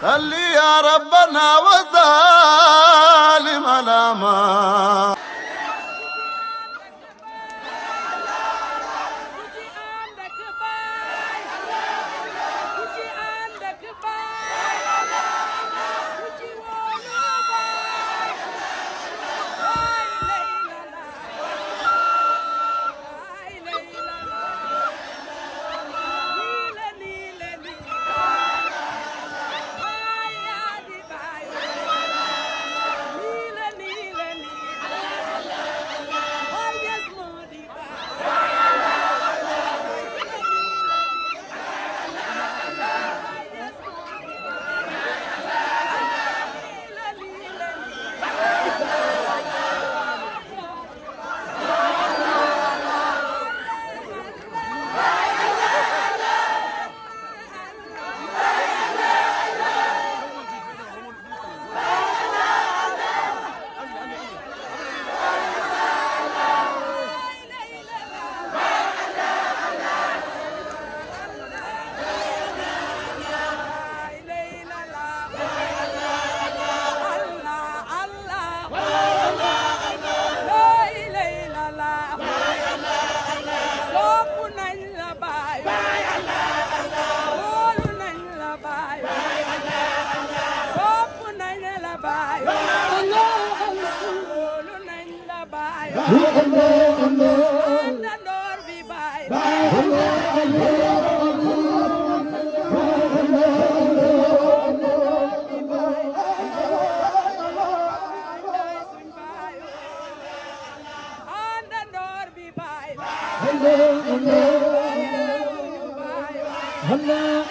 صل يا ربنا وسلم على ما Allah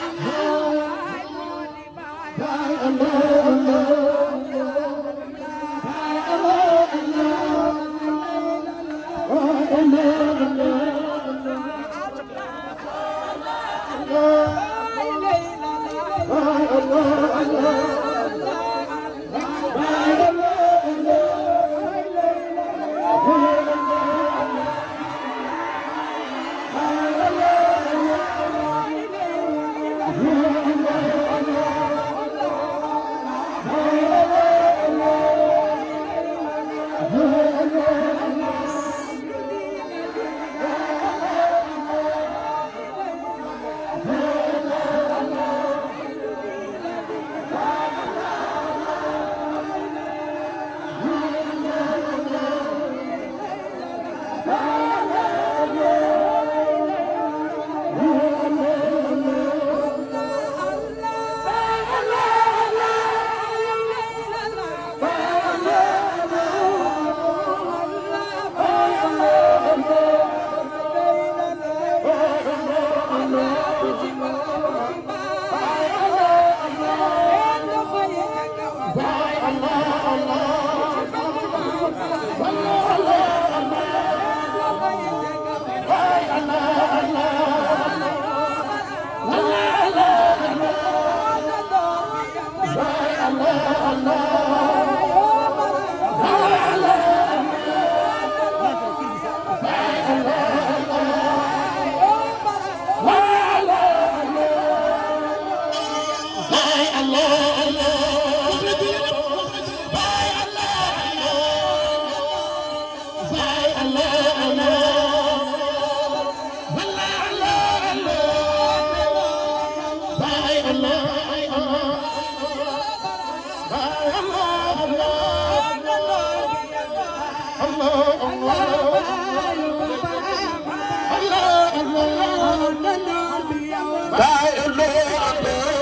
لا إله إلا الله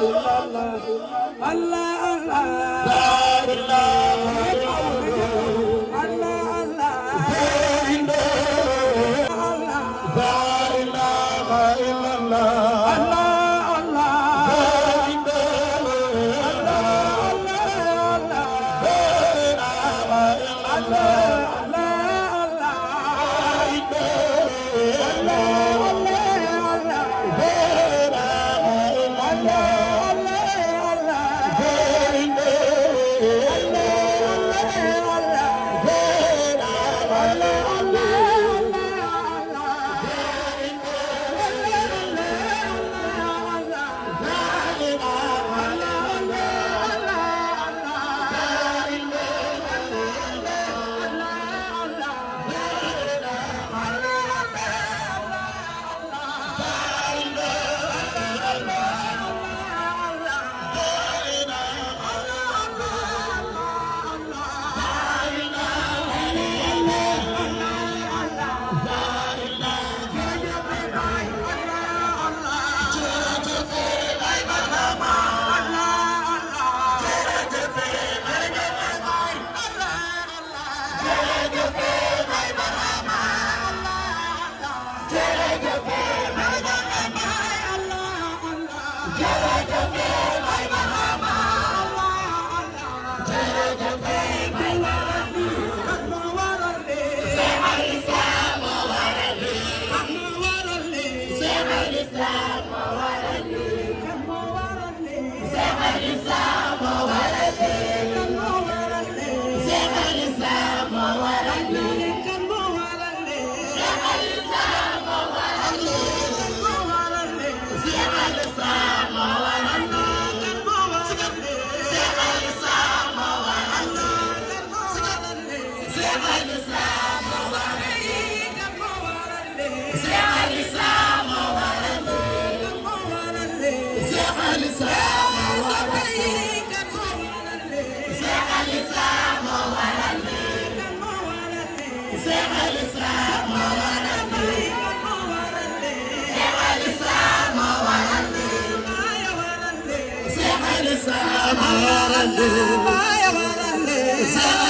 الله الله الله Sarale, Sarale.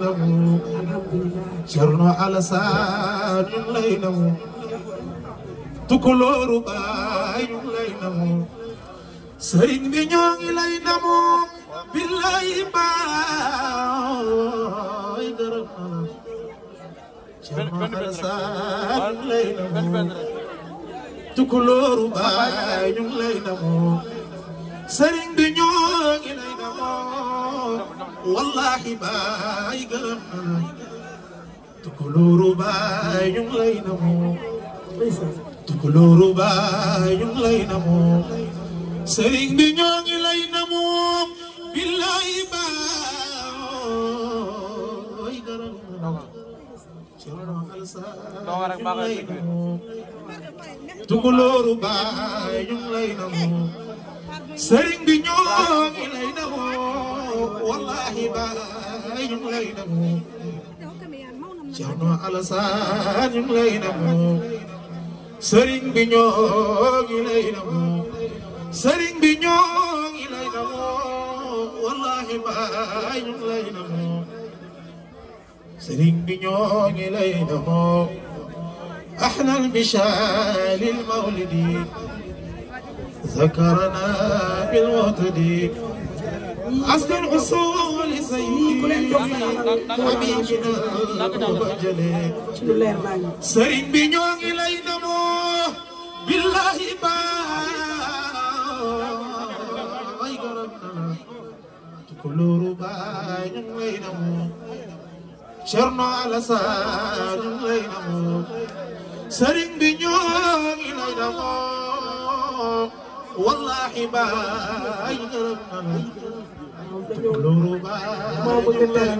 namu cerno alasaan lay namu tukulóoru baay lay namu sëriñ bi ñoo ngi lay namu billaay baay lay namu tukulóoru baay ñu ngi lay namu sëriñ wallahi baay gërëm naa tukulóoru baay ñu ngi lay namoo tukulóoru baay ñu ngi lay namoo sëriñ bi lay baay gërëm naa tukulóoru baay ñu ngi lay namoo sëriñ wallahi baay ñu ngi lay demoo Cerno Alassane ñu ngi lay demoo sëriñ bi ñoo ngi lay demoo sëriñ bi ñoo ngi lay demoo wallahi baay ñu ngi lay demoo sëriñ bi ñoo ngi lay demoo ahnal bisaal al mawlidi zakarana bil mawtadi أصل الأصول سيدي حبيبنا وبجلي سرين بنيون إلينا مو بالله با كلور با وينا مو شرنا على سان وينا مو سرين بنيون إلينا مو wallaahi baay gërëm nanu loolu baay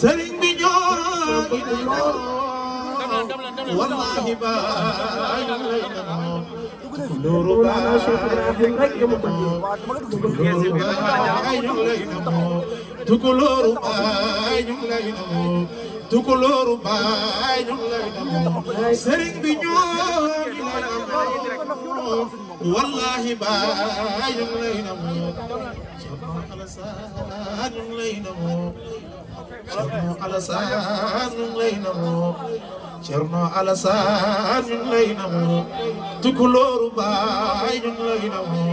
sëriñ bi joogi nanu wallaahi baay loolu baay gërëm nanu tukulóoru baay ñu lay namoo tukulóoru baay ñu lay namoo sëriñ bi ñoo wallahi baay ñu ngi lay namoo Cerno Alassane ñu ngi lay namoo Cerno Alassane ñu ngi lay namoo Cerno Alassane ñu ngi lay namoo Tukulóoru baay ñu ngi lay namoo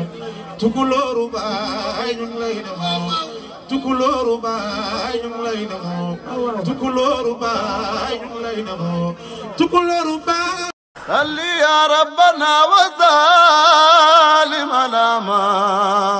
Tukulóoru baay ñu ngi lay namoo Tukulóoru baay ñu ngi lay namoo Tukulóoru baay ñu ngi lay namoo Tukulóoru baay صل يا ربنا وسلم على ما